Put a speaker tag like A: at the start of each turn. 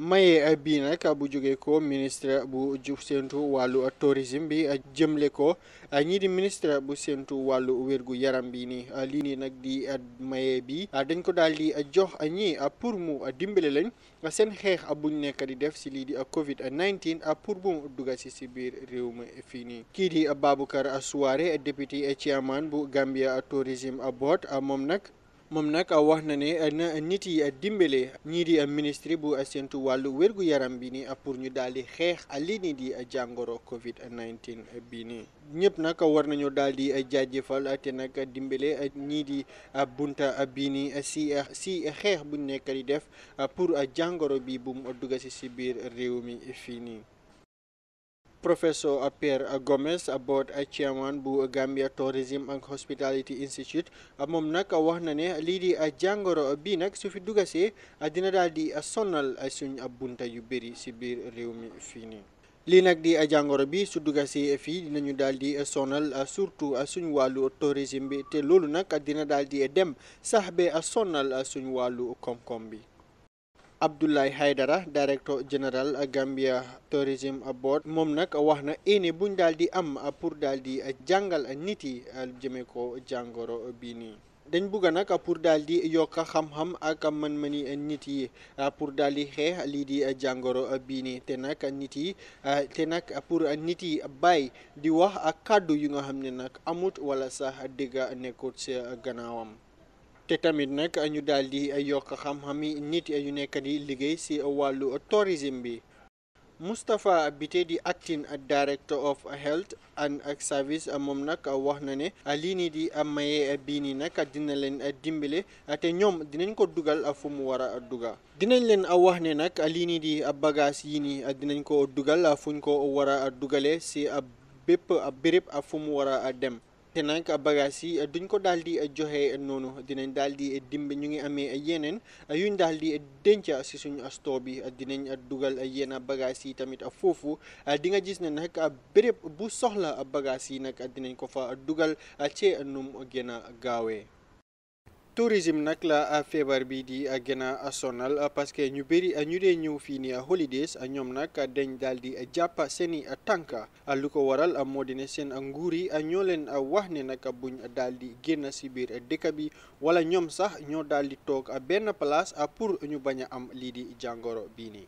A: maye bii nag bu jógee ko ministre bu ju séntu wàllu tourisme bi jëmle ko ñii di ministre bu séntu wàllu wérgu yaram bi nii lii nii nag di maye bi dañ ko daal di jox a ñii a pour mu dimbale lañ seen xeex a buñ nekk di def si lii di Covid 19 pour bu mu dugga si si biir réew mi fii nii kii di Baboucarr Souaré député chairman bu Gambia Tourism Board moom nag. moom nag wax na ne na nit yi dimbale ñii di ministre bu séntu wàllu wérgu yaram bi ni pour ñu daal di xeex lii nii di jàngoro Covid 19 bii nii ñëpp nag war nañoo daal di jaajëfal te nag dimbale ñii di a bunta bii nii si si xeex buñ nekk di def pour jàngoro bi bu mu dugg si si biir réew mi fii nii. Professor Pierre Gomez board chairman bu Gambia Tourism and Hospitality Institute moom nag wax na ne lii di jàngoro bii nag su fi dugasee dina daal di sonal suñ ab bunta yu bëri si biir réew mi fii nii. lii nag di jàngoro bi su dugasee fii dinañu daal di sonal surtout suñu wàllu tourisme bi te loolu nag dina daal di dem sax bi be sonal suñu wàllu koom-koom bi. Abdoulaye Haydara directeur a Gambia Tourism Board moom nag wax na éene buñ daal di am pour daal di jàngal nit yi jëmee ko jàngoro bii nii. dañ bugg nag pour daal di yokk xam-xam ak mën-mëni nit yi pour daal di xeex lii di jàngoro bii nii te nag nit yi te nag pour nit yi bàyyi di wax ak kàddu yu nga xam ne nag amut wala sax a dégg nekkut sa gannaawam. te tamit nag ñu daal di yokk xam-xami nit yu nekk di liggéey ci wàllu tourisme bi Moustapha Bite di acting director of health and service moom nag wax na ne lii nii di maye bii nii nag dina leen dimbale te ñoom dinañ ko dugal fu mu war a dugal dinañ leen wax ne nag lii nii di bagage yi nii dinañ ko dugal fuñ ko war a dugalee ci bépp béréb fu mu war a dem te nag bagages yi duñ ko daal di joxe noonu dinañ daal di dimb ñu ngi amee yeneen yuñ daal di denc si suñu asto bi dinañ dugal yenn bagages yi tamit foofu di nga gis ne nag béréb bu soxla a bagages yi nag a dinañ ko fa dugal ci num gën a gaawee. tourisme nag la ah, feebar bi di ah, gën a sonal ah, parce que ñu bëri ñu dee ñëw fii ni holidays ñoom nag dañ daal di jàpp seeni tànk lu ko waral moo di ne seen nguur yi ñoo leen wax ne nag buñ daal di génn si biir dëkk bi wala ñoom sax ñoo daal di toog benn place pour ñu bañ a am lii di jàngoro bii nii